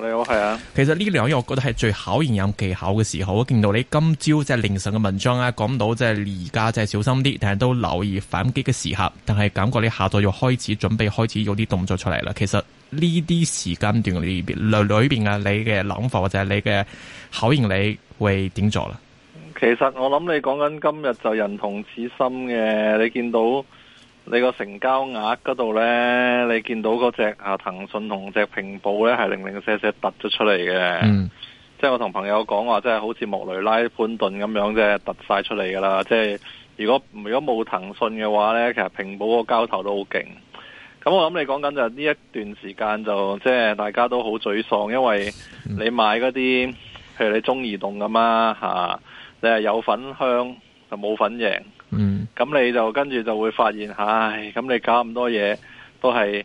你好係啊！其實呢兩樣，我覺得係最考驗有技巧嘅時候。我見到你今朝即係凌晨嘅文章咧、啊，講到即係而家即係小心啲，但係都留意反擊嘅時刻。但係感覺你下晝要開始準備，開始有啲動作出嚟啦。其實呢啲時間段裏邊，裏邊啊，你嘅諗法或者係你嘅考驗，你會點做啦？其實我諗你講緊今日就人同此心嘅，你見到。你個成交額嗰度呢，你見到嗰隻啊騰訊同隻平保呢係零零舍舍突咗出嚟嘅，嗯，即係我同朋友講話，即係好似莫雷拉、潘頓咁樣即係突晒出嚟噶啦。即係如果如果冇騰訊嘅話呢，其實平保個交投都好勁。咁我諗你講緊就呢一段時間就即係大家都好沮喪，因為你買嗰啲，譬如你中移動咁啊吓，你係有份香就冇份贏。嗯，咁、嗯、你就跟住就會發現，唉，咁你搞咁多嘢都係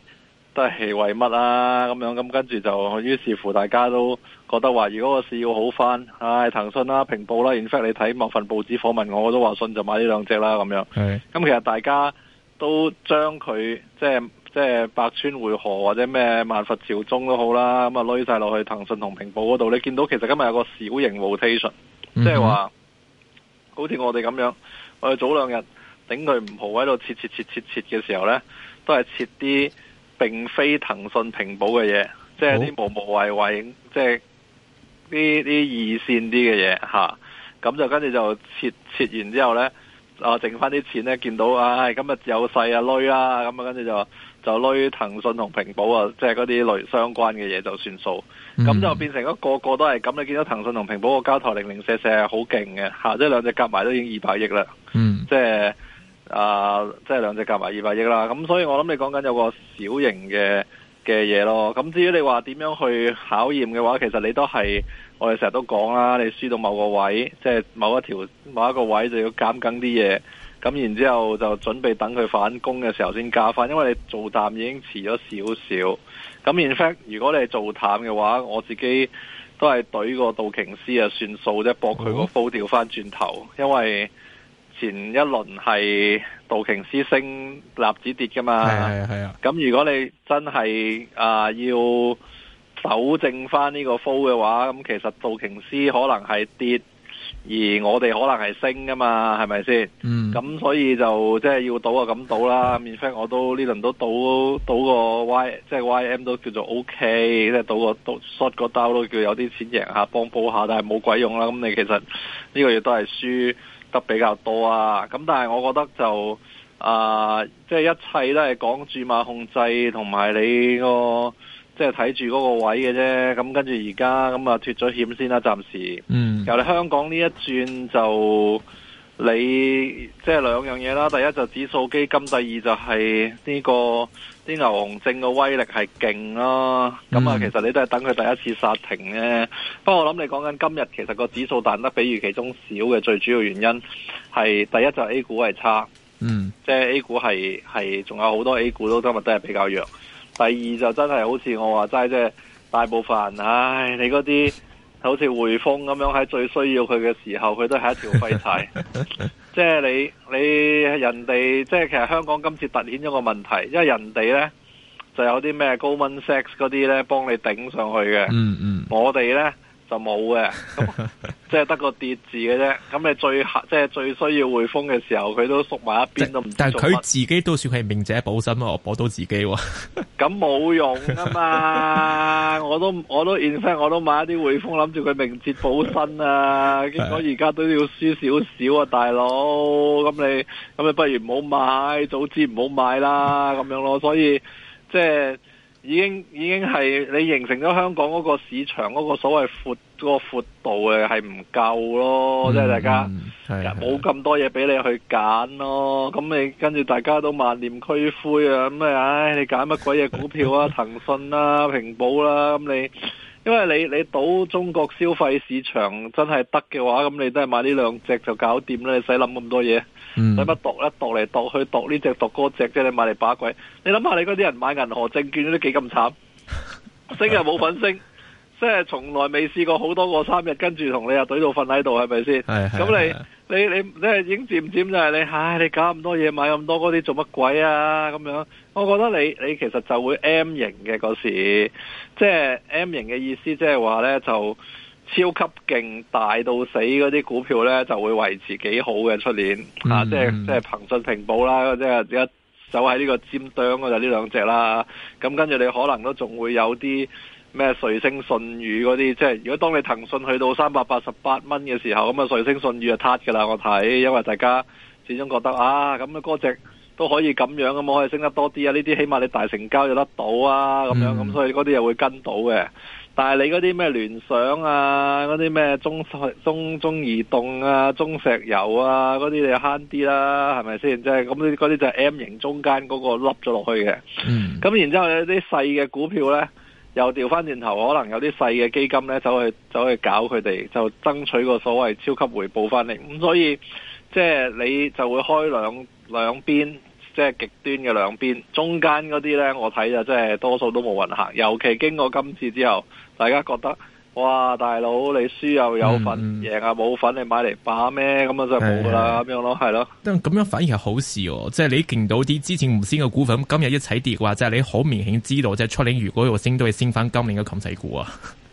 都係為乜啦、啊？咁樣咁跟住就，於是乎大家都覺得話，如果個市要好返，唉，騰訊啦、平保啦、in fact 你睇某份報紙訪問我，我都話信就買呢兩隻啦，咁樣。咁是其實大家都將佢即係即係百川匯河或者咩萬佛朝宗都好啦，咁啊，晒落去騰訊同平保嗰度，你見到其實今日有個小型 rotation，即係話，好似、嗯、哼我哋咁樣。我哋早兩日頂佢唔好喺度切切切切切嘅時候呢，都係切啲並非騰訊平保嘅嘢，即係啲無無謂謂，即係啲啲二線啲嘅嘢吓，咁、啊、就跟住就切切完之後呢，啊剩翻啲錢呢，見到唉、哎、今日有細啊累啦、啊，咁啊跟住就。就累騰訊同平保啊，即係嗰啲類相關嘅嘢就算數，咁、嗯、就變成一個個都係咁。你見到騰訊同平保個交投零零舍舍，好勁嘅嚇，即、就、係、是、兩隻夾埋都已經二百億啦。嗯，即係、就是、啊，即、就、係、是、兩隻夾埋二百億啦。咁所以我諗你講緊有個小型嘅嘅嘢咯。咁至於你話點樣去考驗嘅話，其實你都係我哋成日都講啦。你輸到某個位，即、就、係、是、某一條某一個位就要減緊啲嘢。咁然之後就準備等佢反攻嘅時候先加返，因為你做淡已經遲咗少少。咁 in fact，如果你做淡嘅話，我自己都係對個道瓊斯啊算數啫，博佢個波調翻轉頭。嗯、因為前一輪係道瓊斯升，納指跌噶嘛。係啊係啊。咁、啊、如果你真係啊、呃、要糾正翻呢個波嘅話，咁其實道瓊斯可能係跌。而我哋可能係升噶嘛，係咪先？咁、嗯、所以就即係要賭啊，咁賭啦。面 f 我都呢輪都賭，賭個 Y，即係 Y M 都叫做 O K，即係賭個賭 short 個，個 down 都叫有啲錢贏下，幫補下。但係冇鬼用啦。咁你其實呢個月都係輸得比較多啊。咁但係我覺得就啊、呃，即係一切都係講注碼控制同埋你個。即係睇住嗰個位嘅啫，咁跟住而家咁啊脫咗險先啦，暫時了了。嗯。由你香港呢一轉就你即係、就是、兩樣嘢啦，第一就指數基金，第二就係呢、這個啲、這個、牛證嘅威力係勁啦。咁啊、嗯，其實你都係等佢第一次殺停啫。不過我諗你講緊今日其實個指數彈得比預期中少嘅，最主要原因係第一就係 A 股係差。嗯。即係 A 股係係仲有好多 A 股都今日都係比較弱。第二就真係好似我話齋即係大部分，唉，你嗰啲好似匯豐咁樣喺最需要佢嘅時候，佢都係一條廢柴。 即係你你人哋，即係其實香港今次突顯咗個問題，因為人哋咧就有啲咩 Goldman Sachs 嗰啲咧幫你頂上去嘅、嗯。嗯嗯，我哋咧。就冇嘅，即係得個跌字嘅啫。咁你最即係最需要匯豐嘅時候，佢都縮埋一邊但都唔。但係佢自己都算係明哲保身咯，我保到自己。咁冇用啊嘛 我！我都我都 i n 我都買一啲匯豐，諗住佢明哲保身啊。結果而家都要輸少少啊，大佬。咁你咁你不如唔好買，早知唔好買啦，咁 樣咯。所以即係。已經已經係你形成咗香港嗰個市場嗰個所謂闊，嗰個闊度嘅係唔夠咯，嗯、即係大家冇咁嗯、多嘢俾你去揀咯，咁的你跟住大家都萬念俱灰啊，咁啊唉，你揀乜鬼嘢股票啊， 騰訊啦，啊，平保啦，啊，咁你。因為你你賭中國消費市場真係得嘅話，咁你都係買呢兩隻就搞掂啦，你使諗咁多嘢，使乜度一度嚟，度去度呢隻度嗰隻啫，你買嚟把鬼？你諗下你嗰啲人買銀河證券都幾咁慘，升又冇份升。 即係從來未試過好多個三日跟住同你又懟到瞓喺度係咪先？咁是你你你即係已經漸漸就係你唉，你搞咁多嘢買咁多嗰啲做乜鬼啊？咁樣，我覺得你你其實就會 M 型嘅嗰時，即係 M 型嘅意思即係話呢，就超級勁大到死嗰啲股票呢，就會維持幾好嘅出年、嗯、啊！即係即係騰訊、平保啦，即係而家走喺呢個尖端嗰就呢兩隻啦。咁跟住你可能都仲會有啲。咩瑞星信宇嗰啲，即係如果當你騰訊去到三百八十八蚊嘅時候，咁啊瑞星信宇就撻噶啦，我睇，因為大家始終覺得啊，咁咪嗰隻都可以咁樣，咁我可以升得多啲啊，呢啲起碼你大成交就得到啊，咁樣咁、嗯、所以嗰啲又會跟到嘅。但係你嗰啲咩聯想啊，嗰啲咩中中中移動啊、中石油啊嗰啲，你慳啲啦，係咪先？即係咁，呢啲就係 M 型中間嗰個凹咗落去嘅。咁、嗯、然之後有啲細嘅股票呢。又調翻轉頭，可能有啲細嘅基金呢，走去走去搞佢哋，就爭取個所謂超級回報翻嚟。咁所以即係你就會開兩兩邊，即係極端嘅兩邊，中間嗰啲呢，我睇就即係多數都冇運行。尤其經過今次之後，大家覺得。哇，大佬你輸又有，有份，贏啊冇份，你買嚟把咩？咁啊就冇噶啦，咁的樣咯，係咯。但咁樣反而係好事哦，即、就、係、是、你勁到啲之前唔先嘅股份，今日一齊跌嘅話，即、就、係、是、你好明顯知道，即係出年如果要升，都會升翻今年嘅冚仔股啊。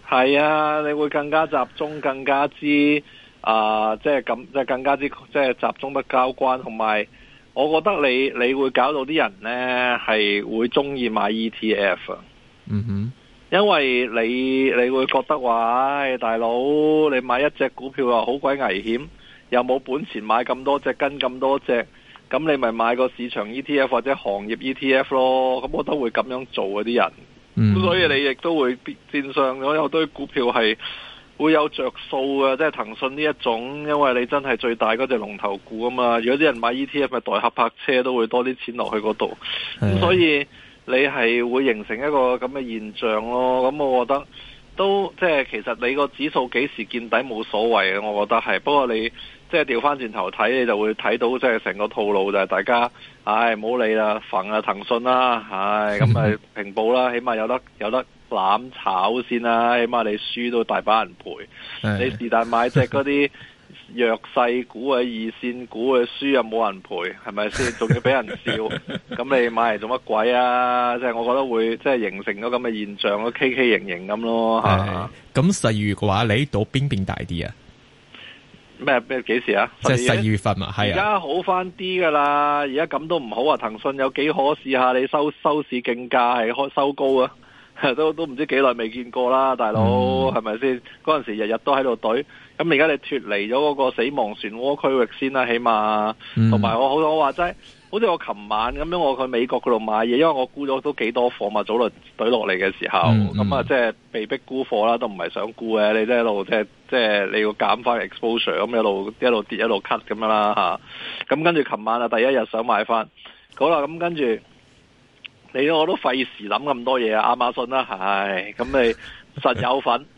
係啊，你會更加集中，更加之啊、呃，即係咁，即係更加之，即係集中得交關。同埋，我覺得你你會搞到啲人咧，係會中意買 ETF。嗯哼。因為你你會覺得話，大佬你買一隻股票又好鬼危險，又冇本錢買咁多隻跟咁多隻，咁你咪買個市場 ETF 或者行業 ETF 咯。咁我都會咁樣做嗰啲人。嗯、所以你亦都會變上咗有堆股票係會有着數嘅，即係騰訊呢一種，因為你真係最大嗰隻龍頭股啊嘛。如果啲人買 ETF 咪代客泊車，都會多啲錢落去嗰度的、嗯。所以。你係會形成一個咁嘅現象咯，咁我覺得都即係其實你個指數幾時見底冇所謂嘅，我覺得係。不過你即係調翻轉頭睇，你就會睇到即係成個套路就係大家，唉冇理啦，焚啊騰訊啦，唉咁咪平保啦，起碼有得有得攬炒先啦，啊，起碼你輸都大把人賠。是的你隻是但買隻嗰啲。弱勢股啊，二線股啊，輸又冇人賠，係咪先？仲要俾人笑，咁 你買嚟做乜鬼啊？即係我覺得會即係形成咗咁嘅現象，咁 K K 盈盈咁咯，係、嗯。咁十二月嘅話，你賭邊邊大啲啊？咩咩？幾時啊？即係十二月份啊？係啊。而家好翻啲噶啦，而家咁都唔好啊！騰訊有幾可試下？你收收市競價係開收高啊？ 都都唔知幾耐未見過啦，大佬係咪先？嗰陣、嗯、時日日都喺度懟。咁而家你脱離咗嗰個死亡漩渦區域先啦、啊，起碼，同埋、嗯、我好，我話齋，好似我琴晚咁樣，我去美國嗰度買嘢，因為我估咗都幾多貨嘛，早輪對落嚟嘅時候，咁啊、嗯，即、嗯、係、就是、被逼沽貨啦，都唔係想沽嘅，你即係一路即係即你要減翻 exposure，咁一路一路跌一路 cut 咁樣啦咁、啊、跟住琴晚啊，第一日想買翻，好啦，咁跟住你我都費事諗咁多嘢，亞馬遜啦，唉，咁你實有份。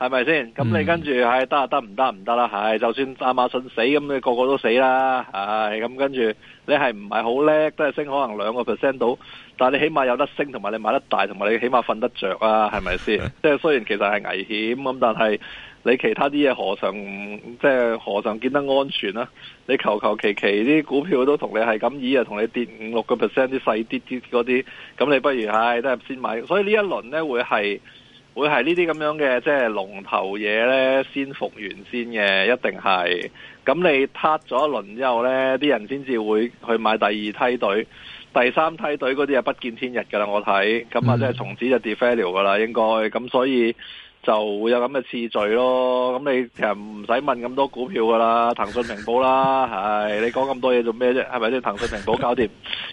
係咪先？咁你跟住，係得啊，得唔得？唔得啦，係，就算亞馬遜死，咁你個個都死啦，係，咁跟住，你係唔係好叻？都係升可能兩個 percent 到，但係你起碼有得升，同埋你買得大，同埋你起碼瞓得着啊？係咪先？的即係雖然其實係危險，咁但係你其他啲嘢何嘗即係何嘗見得安全啊？你求求其其啲股票都同你係咁，以啊，同你跌五六個 percent 啲細啲啲嗰啲，咁你不如係都係先買。所以呢一輪呢一輪呢會係。會係呢啲咁樣嘅，即係龍頭嘢呢，先復原先嘅，一定係。咁你撻咗一輪之後呢，啲人先至會去買第二梯隊、第三梯隊嗰啲，係不見天日噶啦，我睇。咁啊，即係從此就跌 fail 噶啦，應該。咁所以就會有咁嘅次序咯。咁你其實唔使問咁多股票噶啦，騰訊平保啦，係你講咁多嘢做咩啫？係咪即騰訊平保搞掂，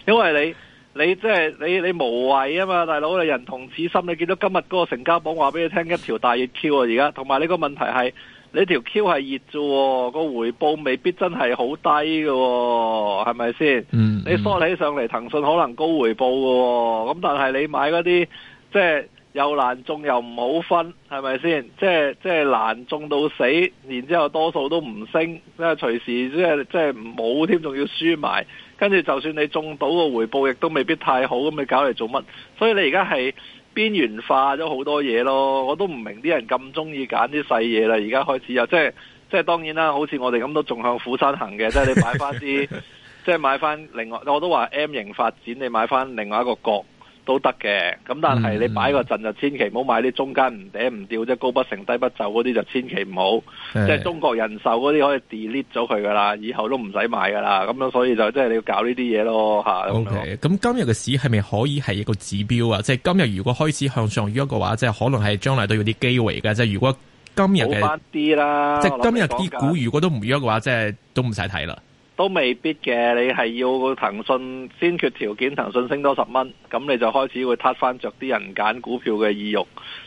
因為你。你即係你你無謂啊嘛，大佬你人同此心，你見到今日嗰個成交榜話俾你聽一條大熱 Q 啊，而家同埋你個問題係你條 Q 係熱啫，個回報未必真係好低㗎喎，係咪先？嗯嗯你梳起上嚟，騰訊可能高回報㗎喎，咁但係你買嗰啲即係又難中又唔好分，係咪先？即係即係難中到死，然之後多數都唔升，即係隨時即係即係冇添，仲要輸埋。跟住就算你中到個回報亦都未必太好，咁你搞嚟做乜？所以你而家係邊緣化咗好多嘢咯，我都唔明啲人咁中意揀啲細嘢啦。而家開始又即係即係當然啦，好似我哋咁都仲向虎山行嘅，即係你買翻啲， 即係買翻另外，我都話 M 型發展，你買翻另外一個角。都得嘅，咁但係你擺個陣就千祈唔好買啲中間唔嗲唔掉，即係高不成低不就嗰啲就千祈唔好。即係中國人壽嗰啲可以 delete 咗佢噶啦，以後都唔使買噶啦。咁樣所以就即係你要搞呢啲嘢咯嚇。OK，咁今日嘅市係咪可以係一個指標啊？即係今日如果開始向上喐嘅話，即係可能係將來都有啲機會嘅。即係如果今日嘅即係今日啲股如果都唔喐嘅話，即係都唔使睇啦。都未必嘅，你係要騰訊先決條件，騰訊升多十蚊，咁你就開始會揼翻著啲人揀股票嘅意欲。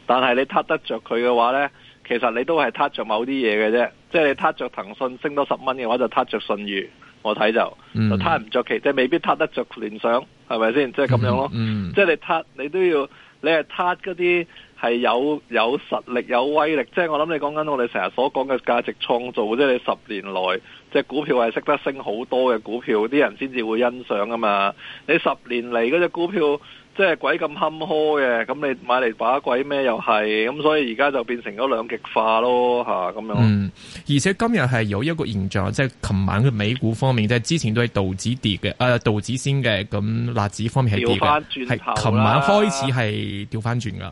但係你揼得著佢嘅話呢，其實你都係揼著某啲嘢嘅啫。即係你揼著騰訊升多十蚊嘅話，就揼著信譽。我睇就就揼唔著其他，即未必揼得著聯想，係咪先？即係咁樣咯。嗯嗯嗯，即係你揼，你都要你係揼嗰啲。係有有實力有威力，即係我諗你講緊我哋成日所講嘅價值創造，即係你十年來即隻股票係識得升好多嘅股票，啲人先至會欣賞㗎嘛。你十年嚟嗰隻股票即係鬼咁坎坷嘅，咁你買嚟把鬼咩又係，咁所以而家就變成咗兩極化咯，吓咁樣。嗯，而且今日係有一個現象，即係琴晚嘅美股方面，即係之前都係道指跌嘅，誒道指先嘅，咁納指方面係跌嘅，係琴晚開始係調翻轉噶。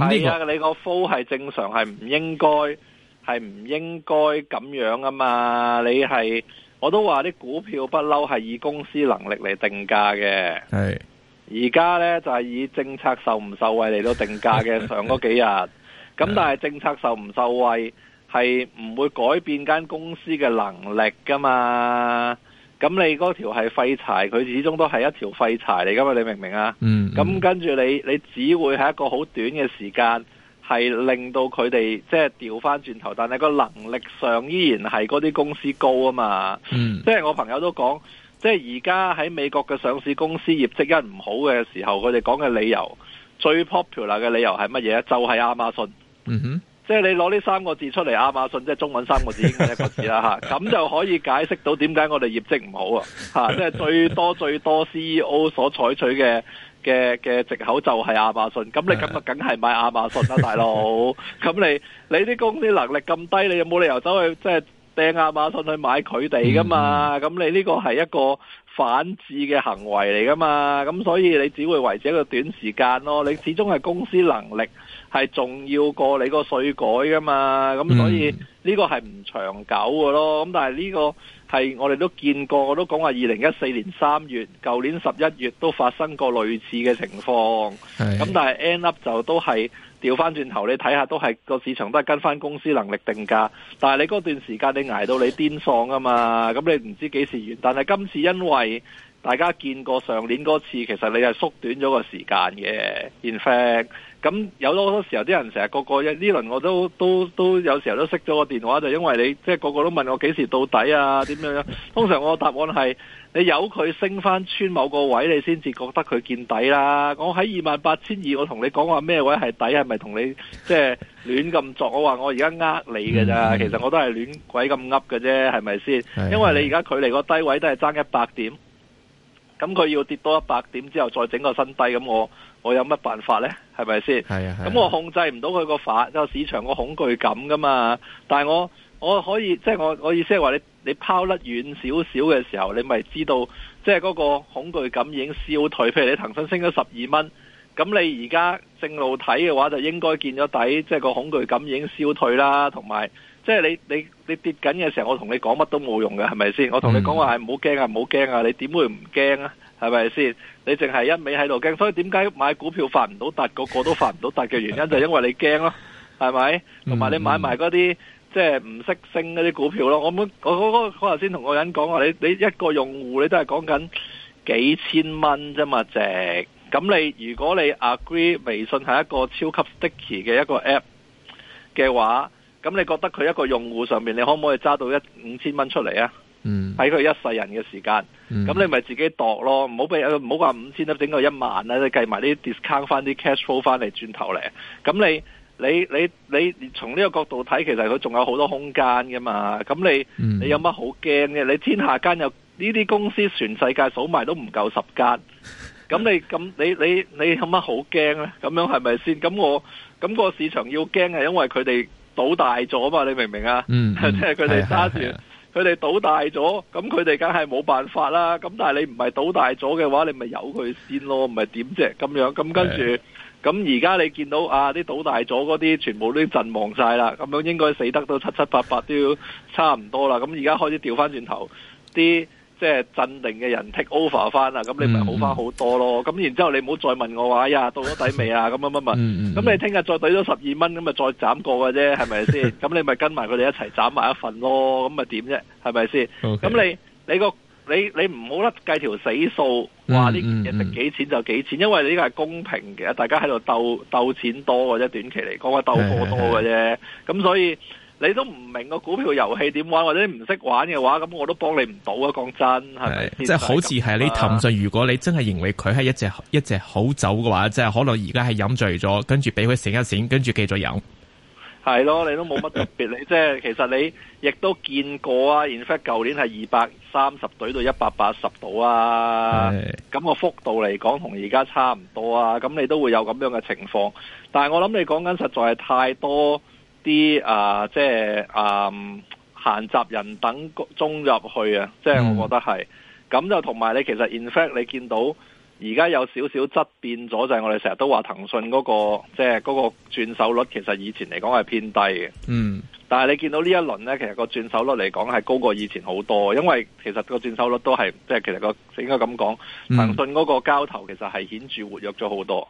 係、這個、啊，你個 full 係正常，係唔應該，係唔應該咁樣啊嘛！你係我都話啲股票不嬲係以公司能力嚟定價嘅，係而家呢，就係、是、以政策受唔受惠嚟到定價嘅。 上嗰幾日，咁但係政策受唔受惠係唔會改變間公司嘅能力噶嘛。咁你嗰條係廢柴，佢始終都係一條廢柴嚟噶嘛？你明唔明啊？咁、嗯嗯、跟住你，你只會喺一個好短嘅時間，係令到佢哋即係調翻轉頭，但係個能力上依然係嗰啲公司高啊嘛。嗯、即係我朋友都講，即係而家喺美國嘅上市公司業績一唔好嘅時候，佢哋講嘅理由最 popular 嘅理由係乜嘢？就係、是、亞馬遜。嗯哼。即係你攞呢三個字出嚟，亞馬遜即係中文三個字，已經係一個字啦吓，咁 就可以解釋到點解我哋業績唔好 啊吓，即係最多最多 CEO 所採取嘅嘅嘅藉口就係亞馬遜，咁 你咁就梗係買亞馬遜啦，啊，大佬。咁 你你啲公司能力咁低，你有冇理由走去即係掟亞馬遜去買佢哋噶嘛？咁 你呢個係一個反制嘅行為嚟噶嘛？咁所以你只會維持一個短時間咯，你始終係公司能力。係重要過你個稅改㗎嘛，咁所以呢個係唔長久㗎咯。咁、嗯、但係呢個係我哋都見過，我都講話二零一四年三月，舊年十一月都發生過類似嘅情況。咁是但係 end up 就都係調翻轉頭，你睇下都係個市場都係跟翻公司能力定價。但係你嗰段時間你挨到你癲喪啊嘛，咁你唔知幾時完。但係今次因為大家見過上年嗰次，其實你係縮短咗個時間嘅。In fact。咁有好多時候，啲人成日個個一呢輪，我都都都有時候都熄咗個電話，就因為你即係個個都問我幾時到底啊？點樣樣？通常我嘅答案係：你由佢升翻穿某個位，你先至覺得佢見底啦。我喺二萬八千二，我同你講話咩位係底，係咪同你即係亂咁作？我話我而家呃你嘅咋？嗯、其實我都係亂鬼咁噏嘅啫，係咪先？因為你而家距離個低位都係爭一百點。咁佢要跌多一百點之後再整個新低，咁我我有乜辦法呢？係咪先？係啊，係啊，咁我控制唔到佢個法，因為市場個恐懼感噶嘛。但係我我可以，即係我我意思係話你你拋得遠少少嘅時候，你咪知道，即係嗰個恐懼感已經消退。譬如你騰訊升咗十二蚊，咁你而家正路睇嘅話就應該見咗底，即係個恐懼感已經消退啦，同埋。即係你你你跌緊嘅時候，我同你講乜都冇用嘅，係咪先？我同你講話係唔好驚啊，唔好驚啊！你點會唔驚啊？係咪先？你淨係一味喺度驚，所以點解買股票發唔到達，個個都發唔到達嘅原因 就係因為你驚咯，係咪？同埋你買埋嗰啲即係唔識升嗰啲股票咯。我我嗰個我頭先同個人講話，你你一個用戶你都係講緊幾千蚊啫嘛值。咁你如果你 agree 微信係一個超級 sticky 嘅一個 app 嘅話。咁你覺得佢一個用戶上面，你可唔可以揸到一五千蚊出嚟啊？喺佢、嗯、一世人嘅時間，咁、嗯、你咪自己度咯，唔好俾唔好話五千啦，整個一萬啦、啊，你係計埋啲 discount 翻啲 cash flow 翻嚟轉頭嚟。咁你你你你從呢個角度睇，其實佢仲有好多空間噶嘛。咁你你有乜好驚嘅？你天下間有呢啲公司，全世界數埋都唔夠十間。咁你咁你你你有乜好驚咧？咁樣係咪先？咁我咁、個市場要驚係因為佢哋。倒大咗嘛？你明唔明啊？嗯，即係佢哋揸住，佢哋、啊啊、倒大咗，咁佢哋梗係冇辦法啦。咁但係你唔係倒大咗嘅話，你咪由佢先咯，唔係點啫？咁樣咁跟住，咁而家你見到啊，啲、啊、倒大咗嗰啲全部都陣亡晒啦，咁樣應該死得都七七八八都，都要差唔多啦。咁而家開始調翻轉頭啲。即係鎮定嘅人 take over 翻啦，咁你咪好翻好多咯。咁、嗯、然之後你唔好再問我話、哎、呀，到咗底未啊？咁乜乜乜，咁你聽日再對咗十二蚊，咁咪再斬過嘅啫，係咪先？咁 你咪跟埋佢哋一齊斬埋一份咯。咁咪點啫？係咪先？咁 Okay. 你你個你你唔好甩計條死數，話呢值幾錢就幾錢，因為你呢個係公平嘅，大家喺度鬥鬥錢多嘅啫，短期嚟講係鬥貨多嘅啫。咁所以。你都唔明個股票遊戲點玩，或者唔識玩嘅話，咁我都幫你唔到是啊！講真，係即係好似係你騰訊，如果你真係認為佢係一隻一隻好酒嘅話，即係可能而家係飲醉咗，跟住俾佢醒一醒，跟住繼續飲。係咯，你都冇乜特別。你即係其實你亦都見過啊！In fact，舊年係二百三十懟到一百八十度啊，咁的個幅度嚟講同而家差唔多啊。咁你都會有咁樣嘅情況，但係我諗你講緊實在係太多。啲、嗯、啊，即係啊，閒雜人等中入去啊，即係我覺得係，咁就同埋你其實 in fact，你見到而家有少少質變咗，就係、是、我哋成日都話騰訊嗰個即係嗰、嗰個轉手率，其實以前嚟講係偏低嘅。嗯。但係你見到一呢一輪咧，其實個轉手率嚟講係高過以前好多，因為其實個轉手率都係即係其實個應該咁講騰訊嗰個交投其實係顯著活躍咗好多。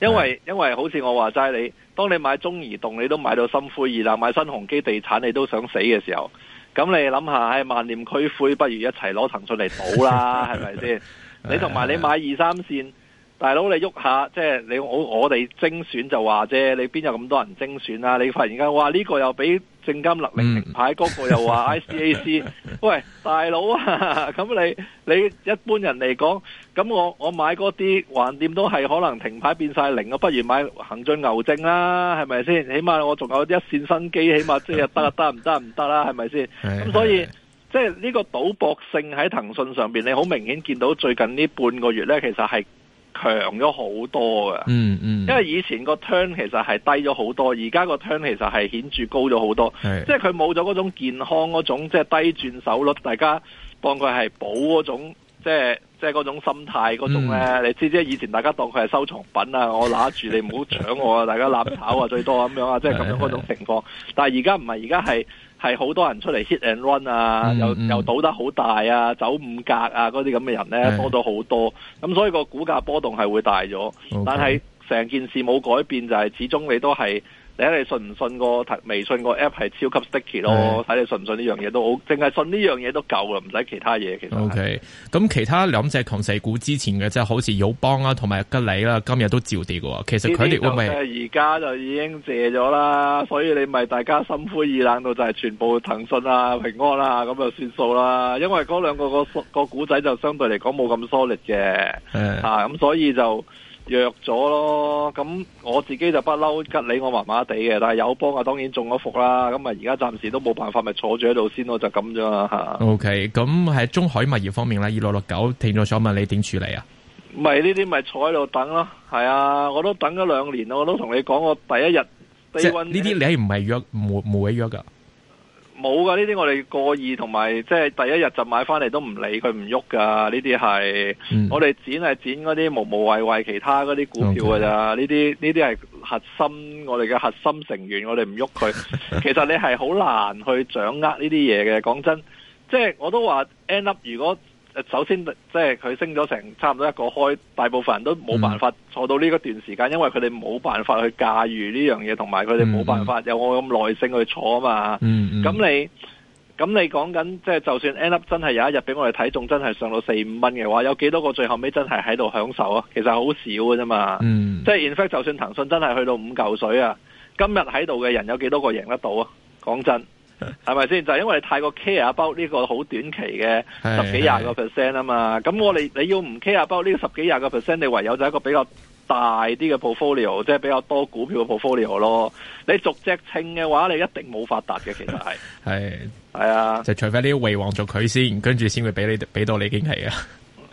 因為因為好似我話齋，你當你買中移動，你都買到心灰意冷；買新鴻基地產，你都想死嘅時候，咁你諗下，唉，萬念俱灰，不如一齊攞騰訊嚟賭啦，係咪先？ 你同埋你買二三線。大佬你喐下，即、就、係、是、你我我哋精選就話啫，你邊有咁多人精選啊？你忽然間話呢個又俾證監勒令停牌，嗰個又話 I C A C，喂大佬啊，咁、嗯、你你一般人嚟講，咁、嗯嗯、我我買嗰啲橫掂都係可能停牌變晒零，不如買恒指牛證啦，係咪先？起碼我仲有一,一線生機，起碼即係得啊得唔得唔得啦，係咪先？咁、啊啊啊啊、 所以是是即係呢個賭博性喺騰訊上邊，你好明顯見到最近呢半個月呢，其實係。強咗好多噶，嗯嗯，因為以前個 turn 其實係低咗好多，而家個 turn 其實係顯著高咗好多，即係佢冇咗嗰種健康嗰種，即係低轉手率，大家當佢係保嗰種，即係即係嗰種心態嗰種咧，嗯、你知唔知以前大家當佢係收藏品啊，我拿住你唔好搶我啊， 大家攬炒啊最多咁樣啊，即係咁樣嗰種情況，但係而家唔係，而家係。係好多人出嚟 hit and run 啊，mm hmm. 又又賭得好大啊，走五格啊，嗰啲咁嘅人呢，多咗好多，咁、mm hmm. 所以個股價波動係會大咗，Okay. 但係成件事冇改變，就係、是、始終你都係。睇你，你信唔信個微信個 app 係超級 sticky 咯，睇的你信唔信呢樣嘢都好，淨係信呢樣嘢都夠啦，唔使其他嘢其實。OK，咁其他兩隻強勢股之前嘅即係好似友邦啊，同埋吉利啦、啊，今日都照跌嘅喎。其實佢哋喂而家就已經借咗啦，所以你咪大家心灰意冷到就係全部騰訊啦、啊、平安啦、啊，咁就算數啦。因為嗰兩個個股仔就相對嚟講冇咁 solid 嘅，的啊咁所以就。約咗咯，咁我自己就不嬲吉你我麻麻地嘅，但係友邦啊，當然中咗伏啦，咁咪而家暫時都冇辦法，咪坐住喺度先咯，就咁啫嘛吓。O K，咁喺中海物業方面咧，二六六九停咗想問你點處理啊？唔係呢啲，咪坐喺度等咯。係啊，我都等咗兩年咯，我都同你講，我第一日低溫。即係呢啲，你唔係約，冇冇位約㗎。冇噶，呢啲我哋過意同埋即係第一日就買翻嚟都唔理佢唔喐噶，呢啲係我哋剪係剪嗰啲無無謂謂其他嗰啲股票㗎咋，呢啲呢啲係核心，我哋嘅核心成員，我哋唔喐佢。 其實你係好難去掌握呢啲嘢嘅，講真，即係我都話 End Up 如果。首先，即係佢升咗成差唔多一個開，大部分人都冇辦法坐到呢個段時間，嗯、因為佢哋冇辦法去駕馭呢樣嘢，同埋佢哋冇辦法有我咁耐性去坐啊嘛。咁、嗯嗯、你咁你講緊，即係就算 end up 真係有一日俾我哋睇中，真係上到四五蚊嘅話，有幾多個最後尾真係喺度享受啊？其實好少嘅啫嘛。嗯、即係，in fact 就算騰訊真係去到五嚿水啊，今日喺度嘅人有幾多個贏得到啊？講真。係咪先？就係因為你太過 care 下包呢個好短期嘅十幾廿個 percent 啊嘛，咁是是 我哋你要唔 care 下包呢個十幾廿個 percent？你唯有就一個比較大啲嘅 portfolio，即係比較多股票嘅 portfolio 咯。你逐隻稱嘅話，你一定冇發達嘅，其實係係係啊！就除非啲魏王做佢先，跟住先會俾你俾到你驚喜啊！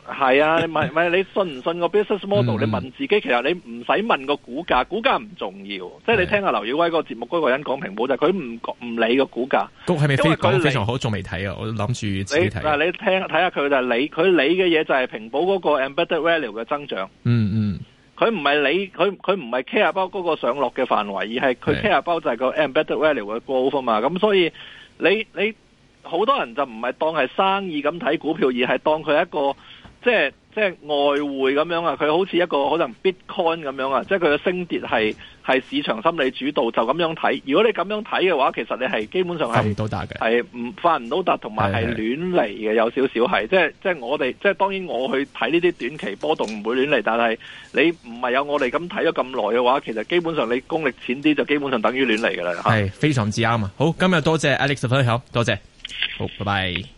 係啊，你咪咪你信唔信個 business model？嗯、你問自己，其實你唔使問個股價，股價唔重要。嗯、即係你聽下劉耀威嗰個節目嗰個人講平保就係佢唔，佢唔唔理個股價。都係咪講非常好？仲未睇啊，我諗住睇。嗱你，你，你聽睇下佢就係你。佢理嘅嘢，就係平保嗰個 embedded value 嘅增長。嗯嗯，佢唔係理佢佢唔係 care 包嗰個上落嘅範圍，而係佢 care 包就係個 embedded value 嘅 growth 嘛。咁所以你你好多人就唔係當係生意咁睇股票，而係當佢一個。即係即係外匯咁樣啊，佢好似一個可能 bitcoin 咁樣啊，即係佢嘅升跌係係市場心理主導，就咁樣睇。如果你咁樣睇嘅話，其實你係基本上係發唔到達嘅，係唔發唔到達，同埋係亂嚟嘅，有少少係。即係即係我哋，即係當然我去睇呢啲短期波動唔會亂嚟，但係你唔係有我哋咁睇咗咁耐嘅話，其實基本上你功力淺啲就基本上等於亂嚟㗎啦。係非常之啱啊！好，今日多謝 Alex 分享，多謝，好，拜拜。